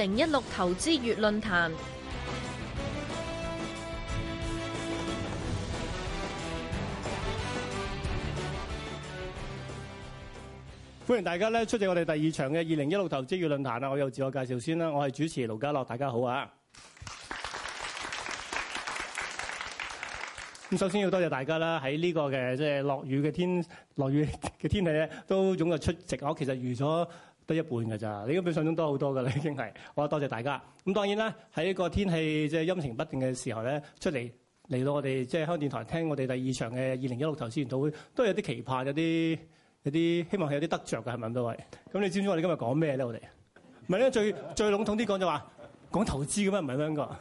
二零一六投資月論壇，歡迎大家咧出席我哋第二場嘅二零一六投資月論壇啊！我有自我介紹先啦，我係主持盧家樂，大家好啊！咁首先要多謝大家啦，喺呢個嘅即係落雨嘅天，落雨嘅天氣咧，都仲有出席啊！我其實預咗。得一半嘅咋？你根本上象多好多嘅啦，已經係。我多謝大家。咁當然啦，喺呢個天氣即係陰晴不定嘅時候咧，出嚟嚟到我哋即係香港電台聽我哋第二場嘅二零一六投資月論壇，都有啲期盼，有啲有啲希望係有啲得着嘅，係咪咁多位？咁你知唔知我哋今日講咩咧？我哋唔係咧，最 最籠統啲講就話、是、講投資嘅咩？唔係香港？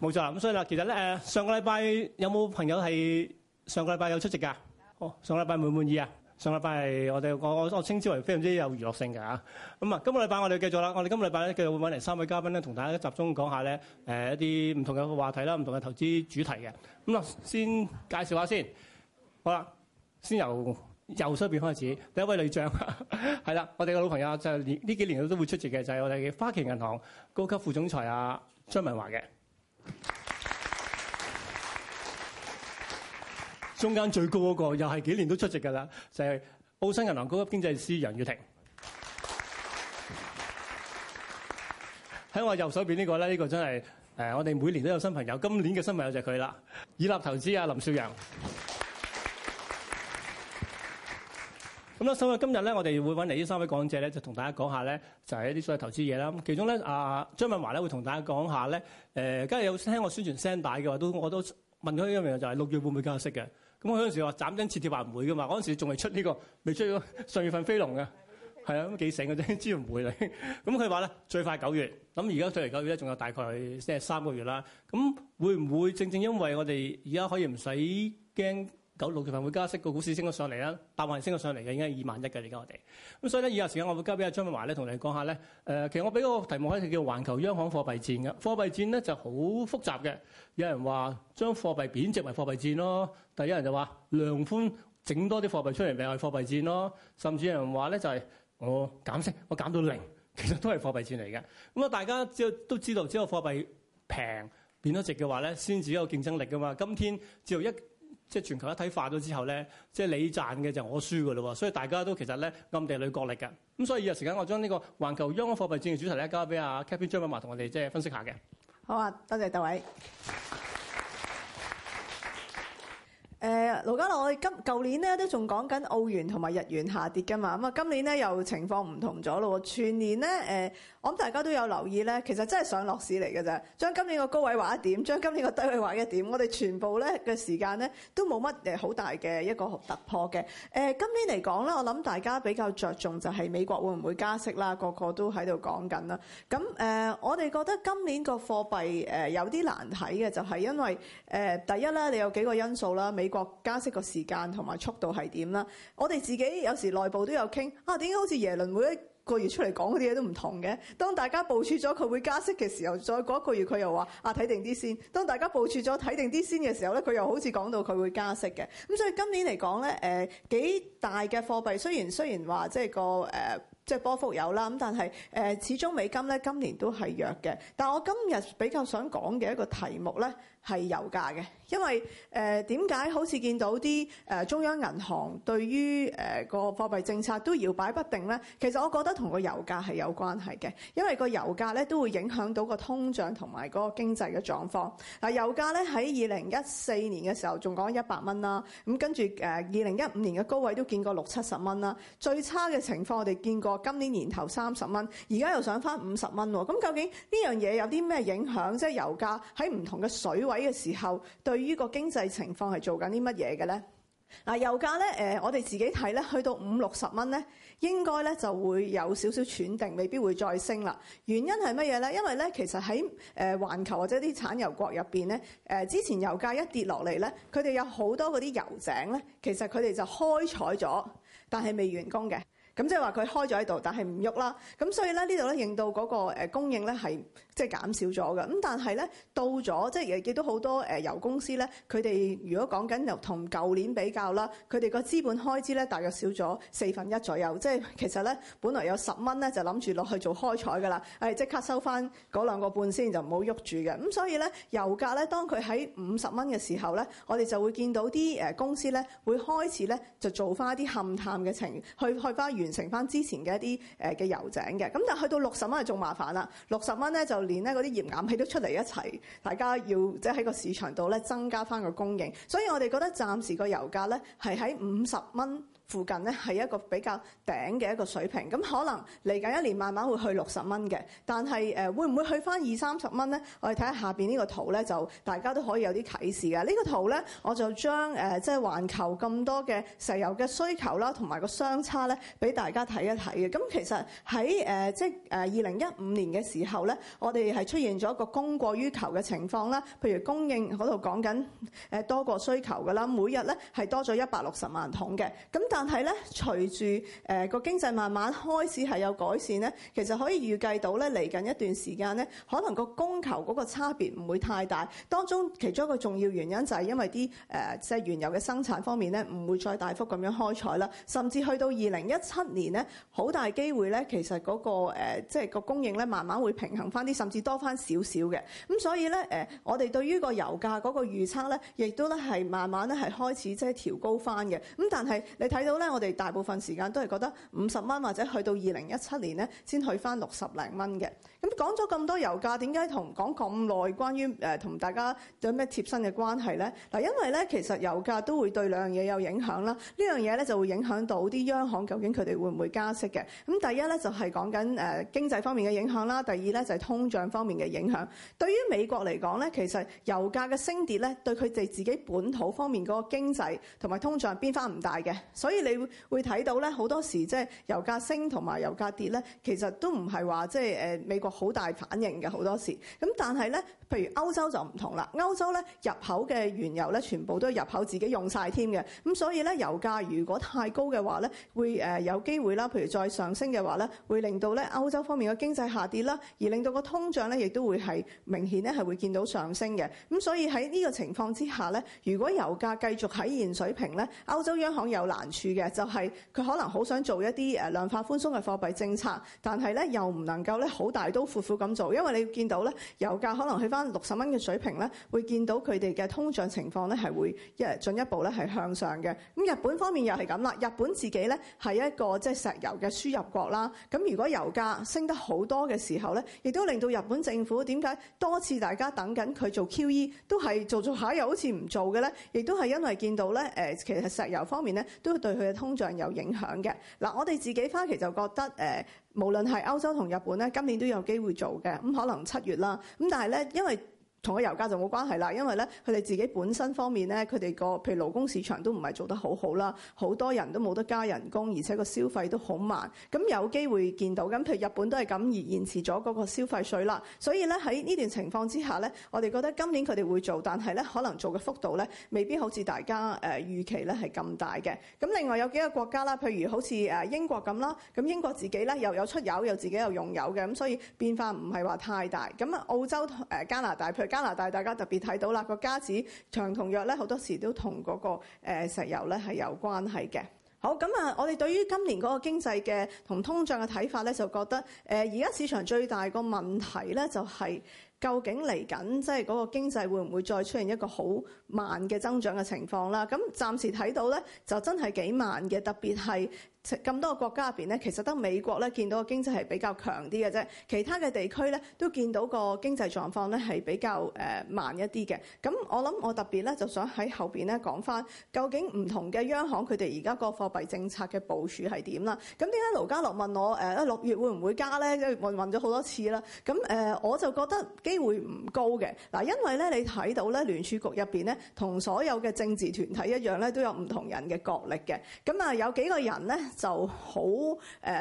冇錯啊。咁所以啦，其實咧誒、呃，上個禮拜有冇朋友係上個禮拜有出席㗎？哦，上禮拜滿唔滿意啊？上禮拜係我哋我我，我稱之為非常之有娛樂性嘅嚇、啊，咁啊，今個禮拜我哋繼續啦，我哋今個禮拜咧繼續會揾嚟三位嘉賓咧，同大家集中講下咧，誒、呃、一啲唔同嘅話題啦，唔同嘅投資主題嘅，咁啊先介紹一下先，好啦，先由右側邊開始，第一位女將，係 啦，我哋嘅老朋友就係呢幾年都都會出席嘅，就係、是、我哋嘅花旗銀行高級副總裁阿、啊、張文華嘅。中間最高嗰個又係幾年都出席㗎啦，就係、是、澳新銀行高級經濟師楊宇霆。喺 我右手邊呢、這個咧，呢、這個真係誒、呃，我哋每年都有新朋友，今年嘅新朋友就佢啦。以立投資啊，林少陽。咁啦，所以今日咧，我哋會揾嚟呢三位講者咧，就同大家講下咧，就係一啲所謂投資嘢啦。其中咧，阿張敏華咧會同大家講下咧，誒、呃，今日有聽我宣傳聲帶嘅話，都我都問佢一樣嘢，就係、是、六月會唔會加息嘅？咁我嗰陣時話斬釘切鐵話唔會噶嘛，嗰陣時仲係出呢、呢個未出咗上月份飛龍㗎，係啊咁幾醒嘅啫，知唔會嚟。咁佢話咧最快九月，咁而家再嚟九月咧，仲有大概即係三個月啦。咁會唔會正正因為我哋而家可以唔使驚？九六月份會加息，個股市升咗上嚟啦，百萬升咗上嚟嘅，應該係二萬一嘅，而家我哋。咁所以咧，以下時間我會交俾阿張敏華咧同你講下咧。誒，其實我俾個題目咧就叫《環球央行貨幣戰》嘅。貨幣戰咧就好複雜嘅。有人話將貨幣貶值為貨幣戰咯，但有人就話量寬整多啲貨幣出嚟咪係貨幣戰咯。甚至有人話咧就係我減息，我減到零，其實都係貨幣戰嚟嘅。咁啊，大家知道都知道，只有貨幣平變咗值嘅話咧，先至有競爭力噶嘛。今天只要一即、就、係、是、全球一體化咗之後咧，即、就、係、是、你賺嘅就我輸噶啦喎，所以大家都其實咧暗地裏角力嘅。咁所以有時間我將呢個環球央行貨幣戰嘅主題咧交俾阿 Captain 張敏華同我哋即係分析下嘅。好啊，多謝各位。誒、 呃，盧嘉樂，我哋今舊年咧都仲講緊澳元同埋日元下跌噶嘛，咁啊今年咧又情況唔同咗咯喎，全年咧誒。呃我諗大家都有留意咧，其實真係上落市嚟嘅啫。將今年個高位畫一點，將今年個低位畫一點，我哋全部咧嘅時間咧都冇乜好大嘅一個突破嘅。誒、呃，今年嚟講咧，我諗大家比較着重就係美國會唔會加息啦，個個都喺度講緊啦。咁、嗯、誒、呃，我哋覺得今年個貨幣誒有啲難睇嘅，就係、是、因為誒、呃、第一啦你有幾個因素啦，美國加息個時間同埋速度係點啦。我哋自己有時內部都有傾啊，點解好似耶倫會個月出嚟講嗰啲嘢都唔同嘅。當大家部署咗佢會加息嘅時候，再過一個月佢又話啊，睇定啲先。當大家部署咗睇定啲先嘅時候咧，佢又好似講到佢會加息嘅。咁所以今年嚟講咧，誒、呃、幾大嘅貨幣雖然雖然話即係個誒。呃即係波幅有啦，咁但係誒始終美金咧今年都係弱嘅。但係我今日比較想講嘅一個題目咧係油價嘅，因為誒點解好似見到啲誒中央銀行對於誒個、呃、貨幣政策都搖擺不定咧？其實我覺得同個油價係有關係嘅，因為個油價咧都會影響到個通脹同埋嗰個經濟嘅狀況。嗱，油價咧喺二零一四年嘅時候仲講一百蚊啦，咁跟住誒二零一五年嘅高位都見過六七十蚊啦，最差嘅情況我哋見過。今年年頭三十蚊，而家又上返五十蚊喎。咁究竟呢樣嘢有啲咩影響？即係油價喺唔同嘅水位嘅時候，對於個經濟情況係做緊啲乜嘢嘅咧？嗱，油價咧，誒，我哋自己睇咧，去到五六十蚊咧，應該咧就會有少少喘定，未必會再升啦。原因係乜嘢咧？因為咧，其實喺誒環球或者啲產油國入邊咧，誒之前油價一跌落嚟咧，佢哋有好多嗰啲油井咧，其實佢哋就開採咗，但係未完工嘅。咁即係話佢開咗喺度，但係唔喐啦。咁所以呢，呢度呢，令到嗰、嗰個、呃、供應呢係。是即係減少咗㗎，咁但係咧到咗即係亦都好多油、呃、公司咧，佢哋如果講緊由同舊年比較啦，佢哋個資本開支咧大約少咗四分一左右。即係其實咧，本來有十蚊咧就諗住落去做開採㗎啦，即、哎、刻收翻嗰兩個半先就唔好喐住嘅。咁所以咧，油價咧當佢喺五十蚊嘅時候咧，我哋就會見到啲公司咧會開始咧就做翻一啲勘探嘅程去去翻完成翻之前嘅一啲嘅、呃、油井嘅。咁但係去到六十蚊係仲麻煩啦，六十蚊咧就連咧嗰啲頁岩氣都出嚟一齊，大家要即係喺個市場度咧增加返個供應，所以我哋覺得暫時個油價咧係喺五十蚊。附近呢係一個比較頂嘅一個水平，咁可能嚟緊一年慢慢會去六十蚊嘅，但係誒會唔會去翻二三十蚊咧？我哋睇下下邊呢個圖咧，就大家都可以有啲啟示嘅。呢、這個圖咧，我就將誒即係環球咁多嘅石油嘅需求啦，同埋個相差咧，俾大家睇一睇嘅。咁其實喺即係誒二零一五年嘅時候咧，我哋係出現咗一個供過於求嘅情況啦。譬如供應嗰度講緊多個需求噶啦，每日咧係多咗一百六十萬桶嘅，咁。但係咧，隨住誒個經濟慢慢開始係有改善咧，其實可以預計到咧，嚟緊一段時間咧，可能個供求嗰個差別唔會太大。當中其中一個重要原因就係因為啲誒即係原油嘅生產方面咧，唔會再大幅咁樣開採啦。甚至去到二零一七年咧，好大機會咧，其實嗰個誒即係個供應咧，慢慢會平衡翻啲，甚至多翻少少嘅。咁所以咧，誒我哋對於個油價嗰個預測咧，亦都咧係慢慢咧係開始即係調高翻嘅。咁但係你睇。到咧，我哋大部分時間都係覺得五十蚊或者去到二零一七年呢，先去翻六十零蚊嘅。咁講咗咁多油價，點解同講咁耐關於誒同大家有咩貼身嘅關係呢？嗱，因為呢，其實油價都會對兩樣嘢有影響啦。呢樣嘢呢，就會影響到啲央行究竟佢哋會唔會加息嘅。咁第一呢，就係講緊誒經濟方面嘅影響啦，第二呢，就係通脹方面嘅影響。對於美國嚟講呢，其實油價嘅升跌呢，對佢哋自己本土方面嗰個經濟同埋通脹變化唔大嘅，所以。所以你會睇到咧，好多時即係油價升同埋油價跌咧，其實都唔係話即係誒美國好大反應嘅好多時。咁但係咧，譬如歐洲就唔同啦。歐洲咧入口嘅原油咧，全部都係入口自己用晒添嘅。咁所以咧，油價如果太高嘅話咧，會誒有機會啦。譬如再上升嘅話咧，會令到咧歐洲方面嘅經濟下跌啦，而令到個通脹咧，亦都會係明顯咧係會見到上升嘅。咁所以喺呢個情況之下咧，如果油價繼續喺現水平咧，歐洲央行有難處。嘅就係、是、佢可能好想做一啲誒量化寬鬆嘅貨幣政策，但係咧又唔能夠咧好大刀闊斧咁做，因為你見到咧油價可能去翻六十蚊嘅水平咧，會見到佢哋嘅通脹情況咧係會一進一步咧係向上嘅。咁日本方面又係咁啦，日本自己咧係一個即係石油嘅輸入國啦。咁如果油價升得好多嘅時候咧，亦都令到日本政府點解多次大家等緊佢做 QE 都係做做下又好似唔做嘅咧，亦都係因為見到咧誒其實石油方面咧都對。佢嘅通脹有影響嘅，嗱、嗯、我哋自己花旗就覺得、呃、無論係歐洲同日本今年都有機會做嘅，咁可能七月啦，咁但係呢因為。同個油價就冇關係啦，因為咧佢哋自己本身方面咧，佢哋個譬如勞工市場都唔係做得好好啦，好多人都冇得加人工，而且個消費都好慢，咁有機會見到咁，譬如日本都係咁而延遲咗嗰個消費稅啦，所以咧喺呢段情況之下咧，我哋覺得今年佢哋會做，但係咧可能做嘅幅度咧未必好似大家誒預期咧係咁大嘅。咁另外有幾個國家啦，譬如好似誒英國咁啦，咁英國自己咧又有出油又自己又用油嘅，咁所以變化唔係話太大。咁啊澳洲誒加拿大譬加拿大大家特別睇到啦，個加紙長同弱咧，好多時都同嗰個石油咧係有關係嘅。好咁啊，咁我哋對於今年嗰個經濟嘅同通脹嘅睇法咧，就覺得誒而家市場最大個問題咧、就係，就係究竟嚟緊即係嗰個經濟會唔會再出現一個好慢嘅增長嘅情況啦？咁暫時睇到咧，就真係幾慢嘅，特別係。咁多個國家入邊咧，其實得美國咧見到個經濟係比較強啲嘅啫，其他嘅地區咧都見到個經濟狀況咧係比較誒、呃、慢一啲嘅。咁我諗我特別咧就想喺後面咧講翻，究竟唔同嘅央行佢哋而家個貨幣政策嘅部署係點啦？咁點解盧家樂問我誒六、呃、月會唔會加咧？跟住問問咗好多次啦。咁誒、呃、我就覺得機會唔高嘅嗱，因為咧你睇到咧聯儲局入邊咧同所有嘅政治團體一樣咧，都有唔同人嘅角力嘅。咁啊、呃、有幾個人咧？就好誒，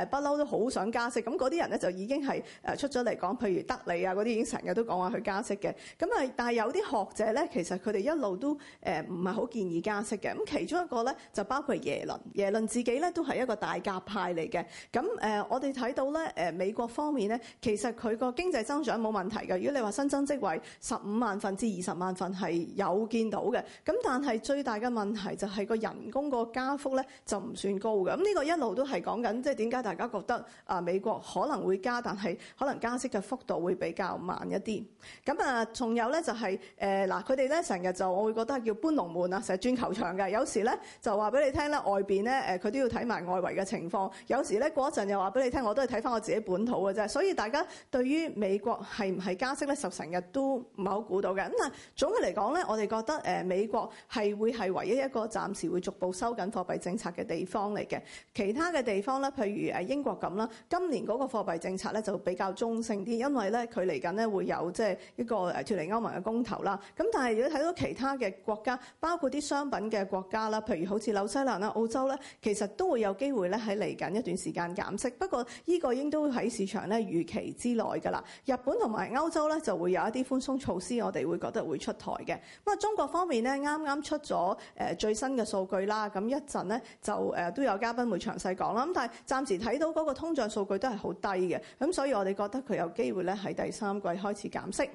不嬲都好想加息，咁嗰啲人咧就已經係誒出咗嚟講，譬如德里啊嗰啲已經成日都講話去加息嘅。咁啊，但係有啲學者咧，其實佢哋一路都誒唔係好建議加息嘅。咁其中一個咧就包括耶倫，耶倫自己咧都係一個大鴿派嚟嘅。咁誒，我哋睇到咧誒美國方面咧，其實佢個經濟增長冇問題嘅。如果你話新增職位十五萬份至二十萬份係有見到嘅，咁但係最大嘅問題就係個人工個加幅咧就唔算高嘅。咁呢個一路都係講緊，即係點解大家覺得啊美國可能會加，但係可能加息嘅幅度會比較慢一啲。咁啊，仲有咧就係誒嗱，佢哋咧成日就我會覺得叫搬龍門啊，成日轉球場嘅。有時咧就話俾你聽咧，外邊咧誒佢都要睇埋外圍嘅情況。有時咧過一陣又話俾你聽，我都係睇翻我自己本土嘅啫。所以大家對於美國係唔係加息咧，十成日都唔係好估到嘅。咁但係總嘅嚟講咧，我哋覺得誒美國係會係唯一一個暫時會逐步收緊貨幣政策嘅地方嚟嘅。其他嘅地方咧，譬如誒英國咁啦，今年嗰個貨幣政策咧就比較中性啲，因為咧佢嚟緊咧會有即係一個誒脫離歐盟嘅公投啦。咁但係如果睇到其他嘅國家，包括啲商品嘅國家啦，譬如好似紐西蘭啦、澳洲咧，其實都會有機會咧喺嚟緊一段時間減息。不過呢個應該都喺市場咧預期之內㗎啦。日本同埋歐洲咧就會有一啲寬鬆措施，我哋會覺得會出台嘅。咁啊，中國方面咧啱啱出咗誒最新嘅數據啦，咁一陣咧就誒都有嘉賓會詳細講啦，但係暫時睇到嗰個通脹數據都係好低嘅，咁所以我哋覺得佢有機會咧喺第三季開始減息。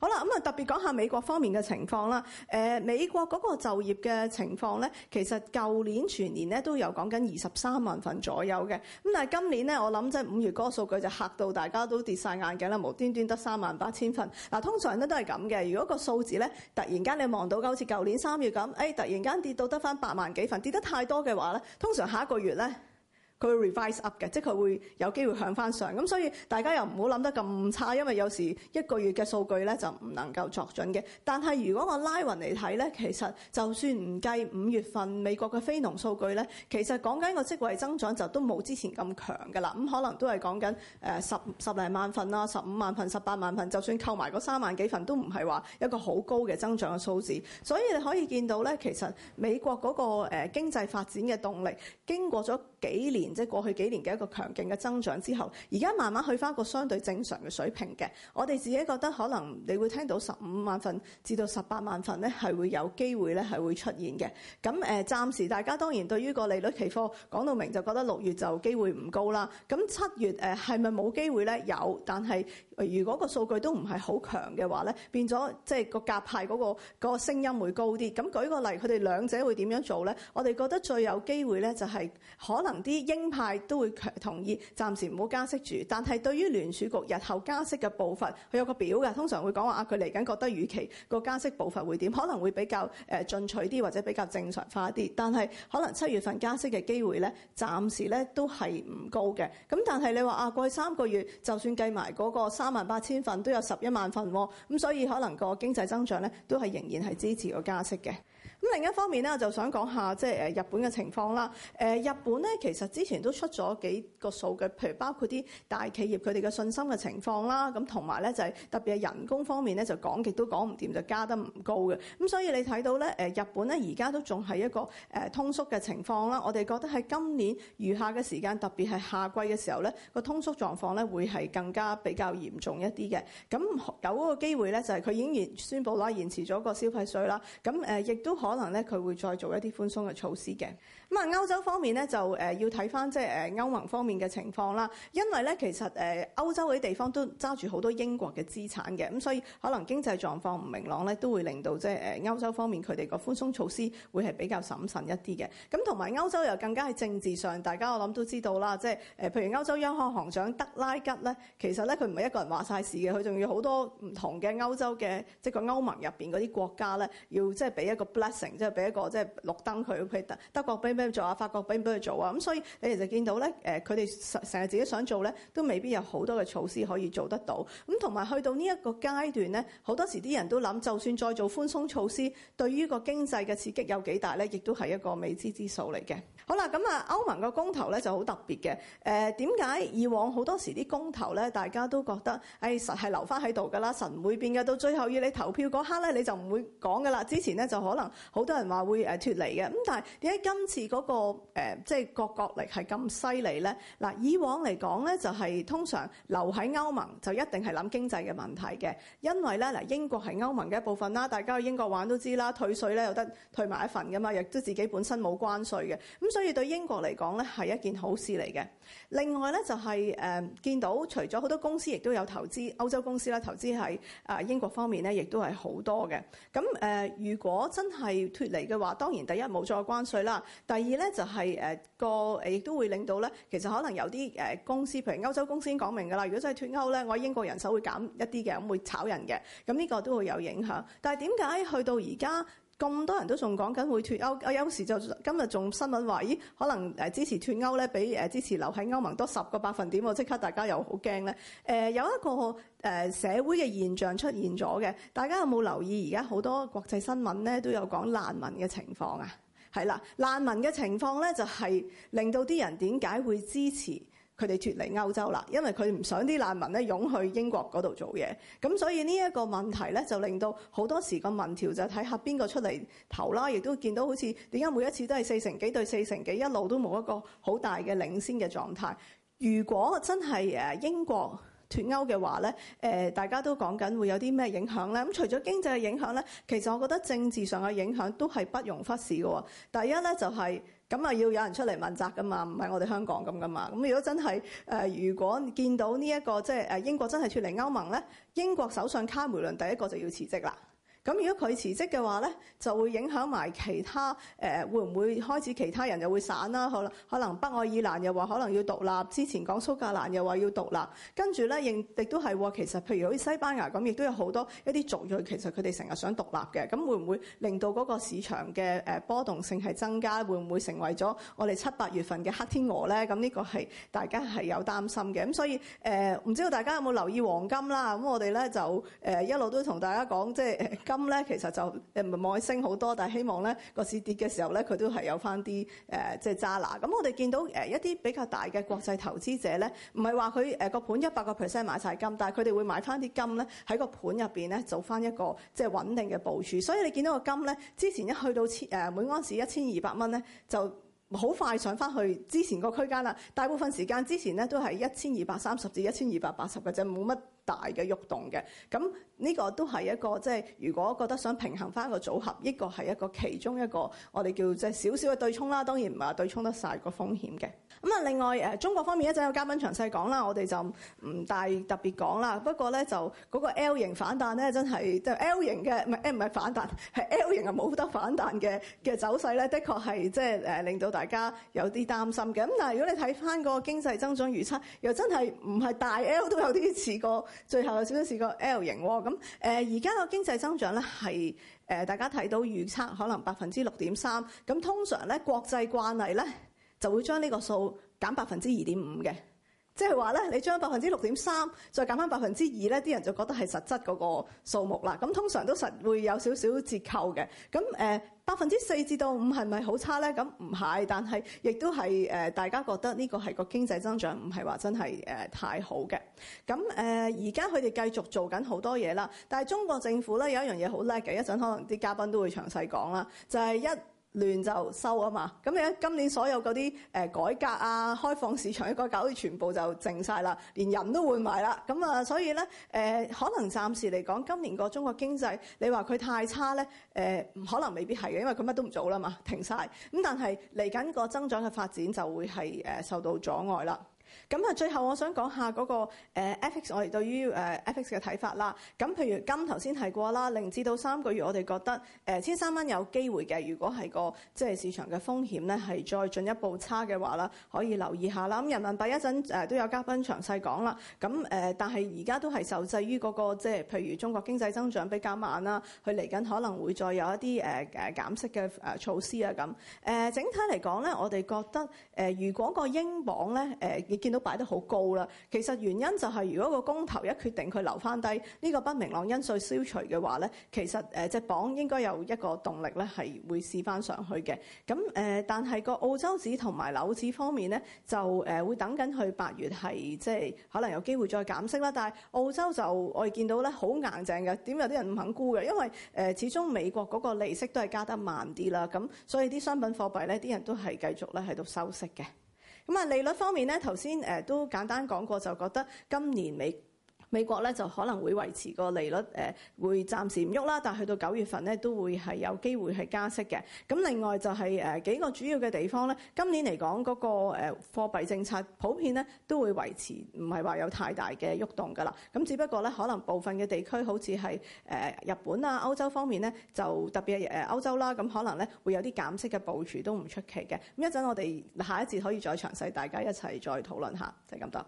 好啦，咁特別講下美國方面嘅情況啦。美國嗰個就業嘅情況呢，其實舊年全年呢都有講緊二十三萬份左右嘅。咁但係今年呢，我諗即五月嗰個數據就嚇到大家都跌晒眼鏡啦，無端端得三萬八千份。通常呢都係咁嘅。如果個數字呢突然間你望到，好似舊年三月咁，誒突然間跌到得返八萬幾份，跌得太多嘅話呢，通常下一個月呢，佢會 revise up 嘅，即係佢會有機會向翻上。咁所以大家又唔好諗得咁差，因為有時一個月嘅數據咧就唔能夠作準嘅。但係如果我拉匀嚟睇咧，其實就算唔計五月份美國嘅非農數據咧，其實講緊個職位增長就都冇之前咁強㗎啦。咁可能都係講緊誒十十零萬份啦，十五萬份，十八萬份，就算扣埋嗰三萬幾份都唔係話一個好高嘅增長嘅數字。所以你可以見到咧，其實美國嗰個誒經濟發展嘅動力經過咗幾年。即係過去幾年嘅一個強勁嘅增長之後，而家慢慢去返一個相對正常嘅水平嘅，我哋自己覺得可能你會聽到十五萬份至到十八萬份咧，係會有機會咧係會出現嘅。咁誒，呃，暫時大家當然對於個利率期貨講到明，就覺得六月就機會唔高啦。咁七月誒係咪冇機會咧？有，但係。如果個數據都唔係好強嘅話咧，變咗即係個鴿派嗰、那個聲、那個、聲音會高啲。咁舉個例，佢哋兩者會點樣做咧？我哋覺得最有機會咧、就是，就係可能啲鷹派都會強同意暫時唔好加息住。但係對於聯儲局日後加息嘅步伐，佢有個表㗎。通常會講話啊，佢嚟緊覺得預期個加息步伐會點，可能會比較誒進取啲，或者比較正常化啲。但係可能七月份加息嘅機會咧，暫時咧都係唔高嘅。咁但係你話啊，過去三個月就算，算計埋嗰、那個三。三萬八千份都有十一萬份喎、哦，咁所以可能個經濟增長咧都係仍然係支持個加息嘅。咁另一方面咧，我就想講下即係誒日本嘅情況啦。誒日本咧，其實之前都出咗幾個數據，譬如包括啲大企業佢哋嘅信心嘅情況啦，咁同埋咧就係、是、特別係人工方面咧，就講極都講唔掂，就加得唔高嘅。咁所以你睇到咧，誒日本咧而家都仲係一個誒、呃、通縮嘅情況啦。我哋覺得喺今年餘下嘅時間，特別係夏季嘅時候咧，個通縮狀況咧會係更加比較嚴重一啲嘅。咁有嗰個機會咧，就係、是、佢已經延宣佈啦，延遲咗個消費稅啦。咁誒亦都可可能咧佢會再做一啲寬鬆嘅措施嘅。咁啊，歐洲方面咧就誒要睇返即係誒歐盟方面嘅情況啦。因為咧其實誒歐洲嗰啲地方都揸住好多英國嘅資產嘅，咁所以可能經濟狀況唔明朗咧，都會令到即係誒歐洲方面佢哋個寬鬆措施會係比較審慎一啲嘅。咁同埋歐洲又更加喺政治上，大家我諗都知道啦。即係誒，譬如歐洲央行行長德拉吉咧，其實咧佢唔係一個人話晒事嘅，佢仲要好多唔同嘅歐洲嘅即係個歐盟入邊嗰啲國家咧，要即係俾一個成即係俾一個即係綠燈佢，佢德德國俾唔俾佢做啊？法國俾唔俾佢做啊？咁、嗯、所以你其實見到咧，誒佢哋成日自己想做咧，都未必有好多嘅措施可以做得到。咁同埋去到呢一個階段咧，好多時啲人都諗，就算再做寬鬆措施，對於個經濟嘅刺激有幾大咧，亦都係一個未知之數嚟嘅。好啦，咁啊歐盟個公投咧就好特別嘅。誒點解以往好多時啲公投咧，大家都覺得誒實係留翻喺度㗎啦，實唔會變嘅。到最後要你投票嗰刻咧，你就唔會講㗎啦。之前咧就可能。好多人話會誒脱離嘅，咁但係點解今次嗰個誒即係各國角力係咁犀利咧？嗱，以往嚟講咧就係通常留喺歐盟就一定係諗經濟嘅問題嘅，因為咧嗱英國係歐盟嘅一部分啦，大家去英國玩都知啦，退稅咧有得退埋一份噶嘛，亦都自己本身冇關稅嘅，咁所以對英國嚟講咧係一件好事嚟嘅。另外咧就係誒見到除咗好多公司亦都有投資歐洲公司啦，投資喺啊英國方面咧，亦都係好多嘅。咁如果真係脱離嘅話，當然第一冇咗關稅啦，第二咧就係誒個亦都會令到咧，其實可能有啲公司，譬如歐洲公司已經講明㗎啦，如果真係脱歐咧，我喺英國人手會減一啲嘅，咁會炒人嘅，咁呢個都會有影響。但係點解去到而家？咁多人都仲講緊會脱歐，我有時就今日仲新聞話，咦？可能誒支持脱歐咧，比誒支持留喺歐盟多十個百分點喎，即刻大家又好驚咧。誒有一個誒社會嘅現象出現咗嘅，大家有冇留意而家好多國際新聞咧都有講難民嘅情況啊？係啦，難民嘅情況咧就係令到啲人點解會支持？佢哋脱離歐洲啦，因為佢唔想啲難民咧湧去英國嗰度做嘢，咁所以呢一個問題咧就令到好多時個民調就睇下邊個出嚟投啦，亦都見到好似點解每一次都係四成幾對四成幾，一路都冇一個好大嘅領先嘅狀態。如果真係誒英國，脫歐嘅話咧，誒大家都講緊會有啲咩影響咧？咁除咗經濟嘅影響咧，其實我覺得政治上嘅影響都係不容忽視嘅。第一咧就係咁啊，要有人出嚟問責噶嘛，唔係我哋香港咁噶嘛。咁如果真係誒，如果見到呢一個即係誒英國真係脫離歐盟咧，英國首相卡梅倫第一個就要辭職啦。咁如果佢辭職嘅話咧，就會影響埋其他誒，會唔會開始其他人又會散啦？可能可能北愛爾蘭又話可能要獨立，之前講蘇格蘭又話要獨立，跟住咧亦都係喎。其實譬如好似西班牙咁，亦都有好多一啲族裔，其實佢哋成日想獨立嘅。咁會唔會令到嗰個市場嘅波動性係增加？會唔會成為咗我哋七八月份嘅黑天鵝咧？咁呢個係大家係有擔心嘅。咁所以誒，唔知道大家有冇留意黃金啦？咁我哋咧就、呃、一路都同大家講，即係咁咧其實就誒唔係升好多，但係希望咧個市跌嘅時候咧，佢都係有翻啲誒即係揸拿。咁我哋見到誒一啲比較大嘅國際投資者咧，唔係話佢誒個盤一百個 percent 買晒金，但係佢哋會買翻啲金咧，喺個盤入邊咧，做翻一個即係穩定嘅部署。所以你見到個金咧之前一去到千每盎司一千二百蚊咧，就好快上翻去之前個區間啦。大部分時間之前咧都係一千二百三十至一千二百八十嘅啫，冇乜。大嘅喐動嘅，咁、這、呢個都係一個即係如果覺得想平衡翻個組合，一、這個係一個其中一個我哋叫即係少少嘅對沖啦，當然唔係對沖得晒個風險嘅。咁啊，另外誒中國方面一陣有嘉賓詳細講啦，我哋就唔帶特別講啦。不過咧就嗰、那個 L 型反彈咧，真係即係 L 型嘅唔係誒唔係反彈，係 L 型啊冇得反彈嘅嘅走勢咧，的確係即係誒令到大家有啲擔心嘅。咁但係如果你睇翻個經濟增長預測，又真係唔係大 L 都有啲似個。最後少少試個 L 型，咁誒而家個經濟增長咧係誒大家睇到預測可能百分之六點三，咁通常咧國際慣例咧就會將呢個數減百分之二點五嘅即係話咧，你將百分之六點三再減翻百分之二咧，啲人就覺得係實質嗰個數目啦。咁通常都實會有少少折扣嘅。咁誒百分之四至到五係咪好差咧？咁唔係，但係亦都係誒大家覺得呢個係個經濟增長唔係話真係誒太好嘅。咁誒而家佢哋繼續做緊好多嘢啦。但係中國政府咧有一樣嘢好叻嘅，一陣可能啲嘉賓都會詳細講啦。就係一。亂就收啊嘛！咁而家今年所有嗰啲誒改革啊、開放市場嘅改革，好似全部就靜晒啦，連人都換埋啦。咁啊，所以咧誒，可能暫時嚟講，今年個中國經濟，你話佢太差咧，唔、呃、可能未必係嘅，因為佢乜都唔做啦嘛，停晒。咁但係嚟緊個增長嘅發展就會係誒受到阻礙啦。咁啊，最後我想講下嗰個 FX。我哋對於誒 FX 嘅睇法啦。咁譬如今頭先提過啦，零至到三個月，我哋覺得誒千三蚊有機會嘅。如果係個即係市場嘅風險咧，係再進一步差嘅話啦，可以留意一下啦。咁人民幣一陣誒都有嘉賓詳細講啦。咁誒，但係而家都係受制於嗰個即係譬如中國經濟增長比較慢啦，佢嚟緊可能會再有一啲誒誒減息嘅誒措施啊咁。誒整體嚟講咧，我哋覺得誒如果個英鎊咧誒，你見到。都擺得好高啦。其實原因就係，如果個公投一決定佢留翻低，呢、這個不明朗因素消除嘅話咧，其實誒隻、呃、鎊應該有一個動力咧，係會試翻上去嘅。咁誒、呃，但係個澳洲紙同埋樓市方面咧，就誒、呃、會等緊去八月係即係可能有機會再減息啦。但係澳洲就我哋見到咧，好硬淨嘅，點有啲人唔肯沽嘅？因為誒、呃、始終美國嗰個利息都係加得慢啲啦，咁所以啲商品貨幣咧，啲人都係繼續咧喺度收息嘅。咁啊，利率方面呢，頭先誒都簡單講過，就覺得今年美美國咧就可能會維持個利率，誒會暫時唔喐啦，但係去到九月份咧都會係有機會係加息嘅。咁另外就係誒幾個主要嘅地方咧，今年嚟講嗰個誒貨幣政策普遍咧都會維持，唔係話有太大嘅喐動㗎啦。咁只不過咧，可能部分嘅地區好似係誒日本啊、歐洲方面咧，就特別係誒歐洲啦，咁可能咧會有啲減息嘅部署都唔出奇嘅。咁一陣我哋下一節可以再詳細大家一齊再討論下，就係咁多。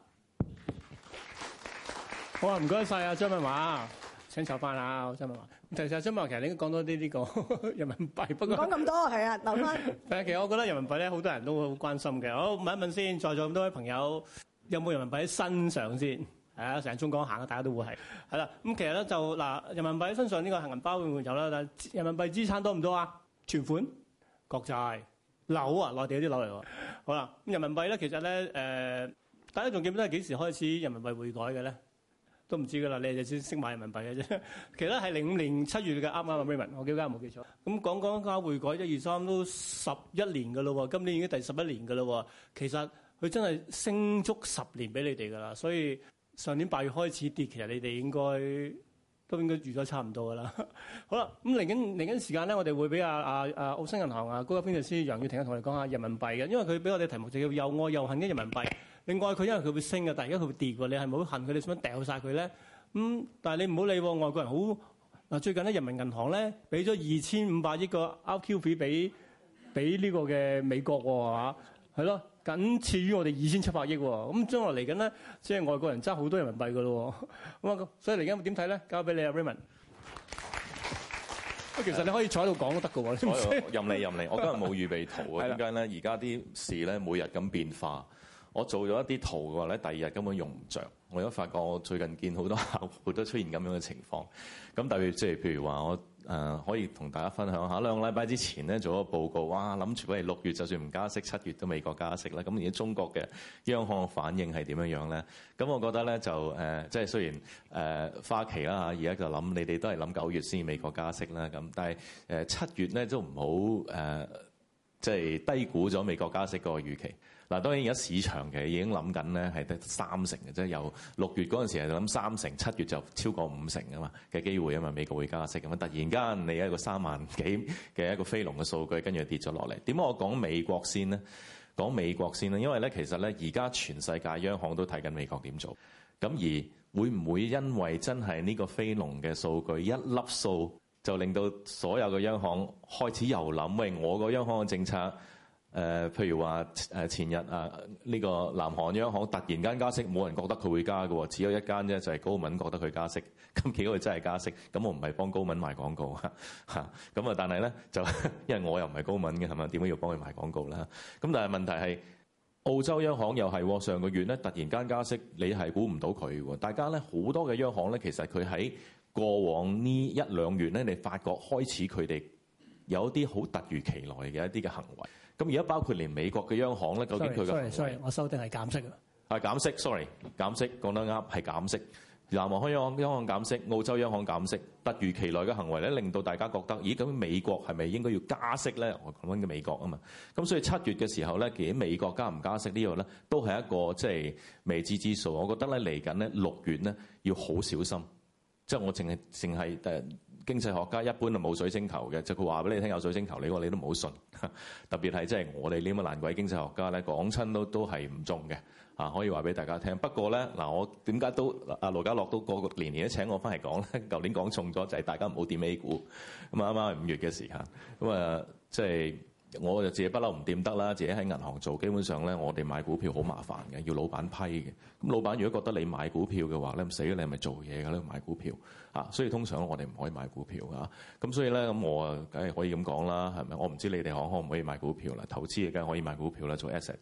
好啊，唔該曬啊，張敏華，請坐翻啦，張敏華。其實張敏華其實應該講多啲呢個人民幣，不過講咁多係啊，留翻。但係其實我覺得人民幣咧，好多人都好關心嘅。好，問一問先，在座咁多位朋友有冇人民幣喺身上先？係啊，成日中港行啊，大家都會係係啦。咁其實咧就嗱，人民幣喺身上呢個行銀包會唔會有啦？但係人民幣資產多唔多啊？存款、國債、樓啊，內地嗰啲樓嚟喎。好啦，咁人民幣咧其實咧誒，大家仲記唔記得係幾時開始人民幣匯改嘅咧？都唔知噶啦，你哋先識買人民幣嘅啫。其實係零五年七月嘅啱啱啊 Raymond 我記唔記冇記錯。咁講講加匯改，一二三都十一年噶啦喎，今年已經第十一年噶啦喎。其實佢真係升足十年俾你哋噶啦，所以上年八月開始跌，其實你哋應該都應該預咗差唔多噶啦。好啦，咁嚟緊嚟緊時間咧，我哋會俾阿阿阿澳新銀行啊高級經濟師楊宇霆同我哋講下人民幣嘅，因為佢俾我哋題目就叫又愛又恨嘅人民幣。另外佢因為佢會升嘅，但係而家佢會跌喎。你係咪好恨佢，你想掉晒佢咧？咁、嗯、但係你唔好理喎。外國人好嗱，最近咧人民銀行咧俾咗二千五百億個 RQF 俾呢個嘅美國喎、哦、嚇，係咯，僅次於我哋二千七百億、哦。咁將來嚟緊咧，即、就、係、是、外國人揸好多人民幣嘅咯。咁啊，所以嚟緊點睇咧？交俾你啊 Raymond。啊， 其實你可以坐喺度講都得嘅喎。你任你 任你，我今日冇預備圖嘅，點解咧？而家啲事咧每日咁變化。我做咗一啲圖嘅話咧，第二日根本用唔着。我而家發覺，我最近見好多客戶都出現咁樣嘅情況。咁，特別即係譬如話，我、呃、誒可以同大家分享下兩個禮拜之前咧做了一個報告，哇！諗住，如果係六月就算唔加息，七月都美國加息啦。咁而家中國嘅央行反應係點樣樣咧？咁我覺得咧就誒、呃，即係雖然誒、呃、花旗啦而家就諗你哋都係諗九月先美國加息啦。咁，但係誒七月咧都唔好誒，即、呃、係、就是、低估咗美國加息嗰個預期。嗱，當然而家市場其實已經諗緊咧，係得三成嘅啫。由六月嗰陣時係諗三成，七月就超過五成啊嘛嘅機會啊嘛，美國會加息咁啊，突然間你一個三萬幾嘅一個非農嘅數據，跟住跌咗落嚟。點解我講美，美國先呢？講美國先呢？因為咧其實咧而家全世界央行都睇緊美國點做。咁而會唔會因為真係呢個非農嘅數據一粒數，就令到所有嘅央行開始又諗喂，我個央行嘅政策？誒、呃，譬如話誒，前日啊，呢、這個南韓央行突然間加息，冇人覺得佢會加嘅，只有一間啫，就係高敏覺得佢加息，咁幾個佢真係加息，咁我唔係幫高敏賣廣告嚇嚇，咁啊，但係咧就因為我又唔係高敏嘅，係咪？點解要幫佢賣廣告啦？咁但係問題係澳洲央行又係上個月咧突然間加息，你係估唔到佢喎。大家咧好多嘅央行咧，其實佢喺過往呢一兩月咧，你發覺開始佢哋有啲好突如其來嘅一啲嘅行為。咁而家包括連美國嘅央行咧，究竟佢嘅 sorry？sorry sorry，我收定係減息的啊！係減息，sorry，減息，講得啱，係減息。南韓央行央行減息，澳洲央行減息，突如其來嘅行為咧，令到大家覺得，咦？咁美國係咪應該要加息咧？我講緊嘅美國啊嘛。咁所以七月嘅時候咧，其實美國加唔加息個呢樣咧，都係一個即係、即係、未知之數。我覺得咧，嚟緊咧六月咧，要好小心。即係我淨係淨係誒。經濟學家一般都冇水晶球嘅，就佢話俾你聽有水晶球，你話你都唔好信。特別係即係我哋呢個爛鬼經濟學家咧，講親都都係唔中嘅。啊，可以話俾大家聽。不過咧，嗱我點解都阿羅家樂都個個年年都請我翻嚟講咧？舊年講重咗就係、是、大家唔好點 A 股。咁啊，啱啱係五月嘅時候，咁啊即係。我就自己不嬲唔掂得啦，自己喺銀行做基本上咧，我哋買股票好麻煩嘅，要老闆批嘅。咁老闆如果覺得你買股票嘅話咧，咁死咗你係咪做嘢嘅咧買股票啊？所以通常我哋唔可以買股票嚇。咁、啊、所以咧咁我啊梗係可以咁講啦，係咪？我唔知你哋行可唔可以買股票啦？投資亦梗係可以買股票啦，做 asset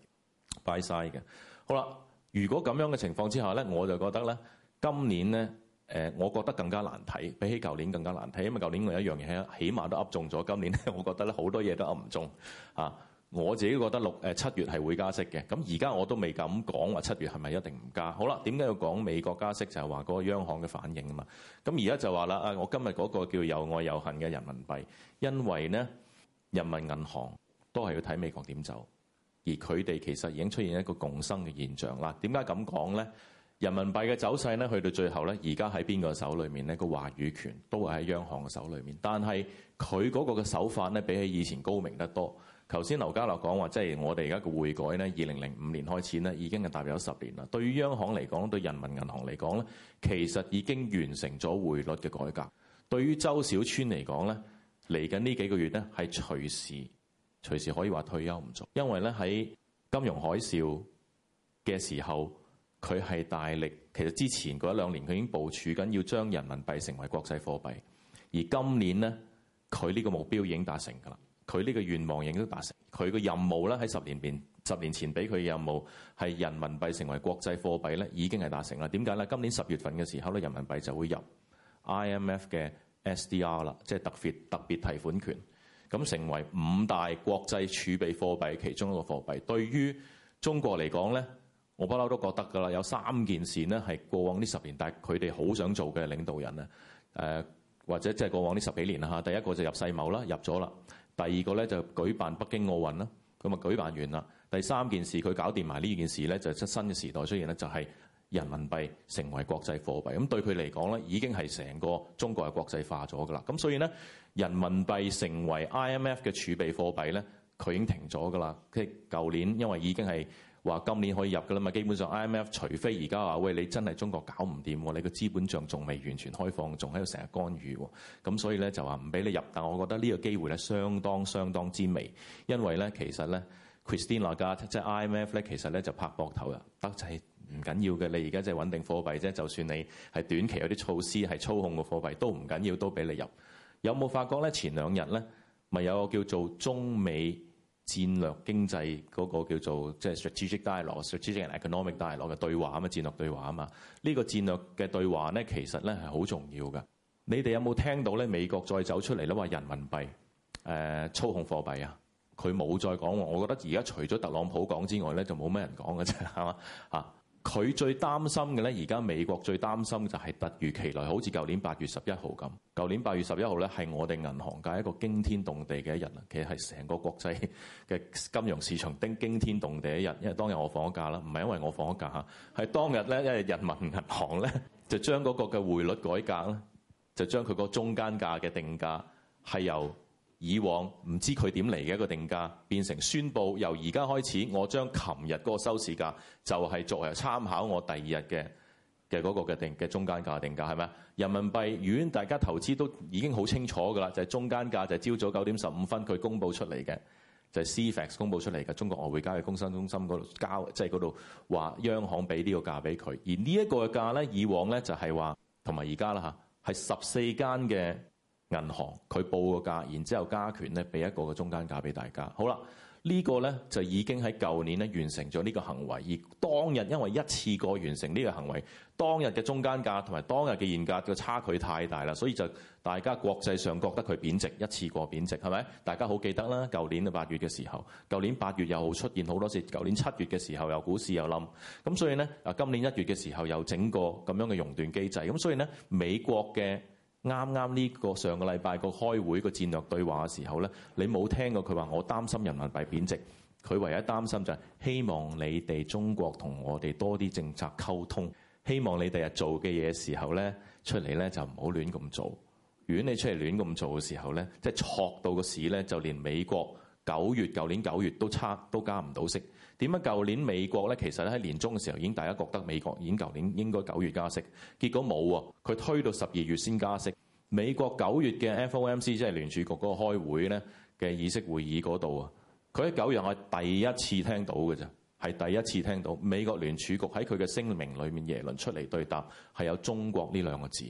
buy side 嘅。好啦，如果咁樣嘅情況之下咧，我就覺得咧今年咧。誒、呃，我覺得更加難睇，比起舊年更加難睇，因為舊年我有一樣嘢，起碼都噏中咗。今年咧，我覺得咧好多嘢都噏唔中嚇、啊。我自己覺得六誒、呃、七月係會加息嘅。咁而家我都未敢講話七月係咪一定唔加。好啦，點解要講美國加息就係話嗰個央行嘅反應啊嘛。咁而家就話啦，啊，我今日嗰個叫有愛有恨嘅人民幣，因為咧人民銀行都係要睇美國點走，而佢哋其實已經出現一個共生嘅現象啦。點解咁講呢？人民幣嘅走勢咧，去到最後咧，而家喺邊個手裏面咧？個話語權都係喺央行嘅手裏面，但係佢嗰個嘅手法咧，比起以前高明得多。頭先劉家樂講話，即係我哋而家嘅匯改呢，二零零五年開始呢已經係踏入咗十年啦。對於央行嚟講，對人民銀行嚟講咧，其實已經完成咗匯率嘅改革。對於周小川嚟講咧，嚟緊呢幾個月咧，係隨時隨時可以話退休唔做，因為咧喺金融海嘯嘅時候。佢係大力，其實之前嗰一兩年佢已經部署緊，要將人民幣成為國際貨幣。而今年呢，佢呢個目標已經達成㗎啦，佢呢個願望已經達成，佢個任務咧喺十年前，十年前俾佢嘅任務係人民幣成為國際貨幣呢已經係達成啦。點解呢？今年十月份嘅時候咧，人民幣就會入 IMF 嘅 SDR 啦，即係特別特別提款權，咁成為五大國際儲備貨幣其中一個貨幣。對於中國嚟講呢，我不嬲都覺得㗎啦，有三件事呢，係過往呢十年，但係佢哋好想做嘅領導人啊！誒、呃，或者即係過往呢十幾年啦嚇。第一個就入世貿啦，入咗啦；第二個咧就舉辦北京奧運啦，咁啊舉辦完啦。第三件事佢搞掂埋呢件事咧，就出、是、新嘅時代出現。出現咧就係、是、人民幣成為國際貨幣，咁對佢嚟講咧已經係成個中國係國際化咗㗎啦。咁所以呢，人民幣成為 IMF 嘅儲備貨幣咧，佢已經停咗㗎啦。即係舊年因為已經係。話今年可以入㗎啦嘛，基本上 IMF 除非而家話喂，你真係中國搞唔掂喎，你個資本帳仲未完全開放，仲喺度成日干預喎，咁所以咧就話唔俾你入。但我覺得呢個機會咧相當相當之微，因為咧其實咧 Christine 噶即係 IMF 咧其實咧就拍膊頭啦，得滯唔緊要嘅，你而家即係穩定貨幣啫。就算你係短期有啲措施係操控個貨幣都唔緊要，都俾你入。有冇發覺咧前兩日咧咪有個叫做中美？戰略經濟嗰個叫做即係 strategic dialogue、strategic and economic dialogue 嘅對話啊嘛，戰略對話啊嘛，呢個戰略嘅對話咧，其實咧係好重要㗎。你哋有冇聽到咧？美國再走出嚟咧話人民幣、呃、操控貨幣啊，佢冇再講喎。我覺得而家除咗特朗普講之外咧，就冇咩人講㗎啫，係嘛啊？佢最擔心嘅呢，而家美國最擔心就係突如其來，好似舊年八月十一號咁。舊年八月十一號呢，係我哋銀行界一個驚天動地嘅一日。其實係成個國際嘅金融市場叮驚天動地一日，因為當日我放咗假啦，唔係因為我放咗假嚇，係當日呢，因為人民銀行呢，就將嗰個嘅匯率改革啦，就將佢個中間價嘅定價係由，以往唔知佢點嚟嘅一個定價，變成宣佈由而家開始，我將琴日嗰個收市價就係作為參考，我第二日嘅嘅嗰個嘅定嘅中間價定價。係咪人民幣軟，如果大家投資都已經好清楚㗎啦，就係中間價，就係朝早九點十五分佢公佈出嚟嘅，就係 CFAX 公佈出嚟嘅，中國外匯交易中心中心嗰度交，即係嗰度話央行俾呢個價俾佢，而呢一個嘅價咧，以往咧就係話同埋而家啦嚇，係十四間嘅，銀行佢報個價，然之後加權咧，俾一個嘅中間價俾大家。好啦，呢個呢就已經喺舊年呢完成咗呢個行為，而當日因為一次過完成呢個行為，當日嘅中間價同埋當日嘅現價嘅差距太大啦，所以就大家國際上覺得佢貶值一次過貶值，係咪？大家好記得啦，舊年嘅八月嘅時候，舊年八月又出現好多次，舊年七月嘅時候又股市又冧，咁所以呢，啊今年一月嘅時候又整個咁樣嘅熔斷機制，咁所以呢，美國嘅。啱啱呢個上個禮拜個開會個戰略對話嘅時候呢，你冇聽過佢話我擔心人民幣貶值，佢唯一擔心就係希望你哋中國同我哋多啲政策溝通，希望你第日做嘅嘢時候呢，出嚟呢就唔好亂咁做。如果你出嚟亂咁做嘅時候呢，即係挫到個市呢，就連美國九月舊年九月都差都加唔到息。點解舊年美國咧？其實咧喺年中嘅時候已經，大家覺得美國已經舊年應該九月加息，結果冇喎。佢推到十二月先加息。美國九月嘅 FOMC 即係聯儲局嗰個開會咧嘅議息會議嗰度啊，佢喺九月我係第一次聽到嘅啫，係第一次聽到美國聯儲局喺佢嘅聲明裡面耶倫出嚟對答係有中國呢兩個字。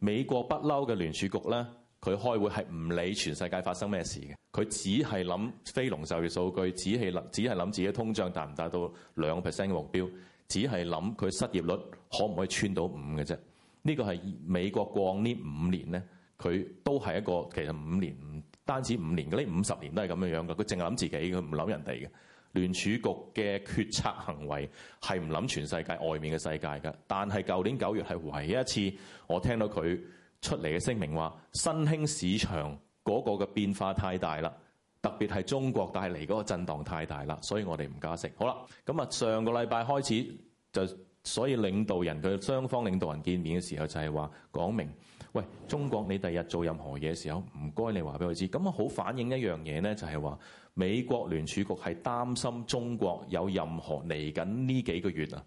美國不嬲嘅聯儲局咧。佢開會係唔理全世界發生咩事嘅，佢只係諗非農就業數據，只係諗，只係諗自己嘅通脹達唔達到兩 percent 嘅目標，只係諗佢失業率可唔可以穿到五嘅啫。呢個係美國過呢五年咧，佢都係一個其實五年唔單止五年嘅呢五十年都係咁樣樣嘅，佢淨係諗自己，佢唔諗人哋嘅聯儲局嘅決策行為係唔諗全世界外面嘅世界㗎。但係舊年九月係唯一一次我聽到佢出嚟嘅聲明話，新興市場嗰個嘅變化太大啦，特別係中國帶嚟嗰個震盪太大啦，所以我哋唔加息。好啦，咁啊上個禮拜開始就，所以領導人佢雙方領導人見面嘅時候就係話講明，喂，中國你第日做任何嘢時候唔該你話俾我知。咁啊好反映一樣嘢咧，就係話美國聯儲局係擔心中國有任何嚟緊呢幾個月啊，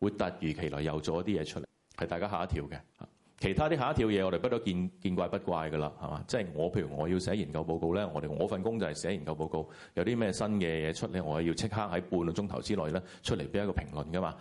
會突如其來又做一啲嘢出嚟，係大家嚇一跳嘅。其他啲下一條嘢，我哋不都見怪不怪㗎喇，係咪？即係我譬如我要寫研究報告呢，我哋我份工就係寫研究報告，有啲咩新嘅嘢出嚟，我係要即刻喺半個鐘頭之內呢出嚟俾一個評論㗎嘛。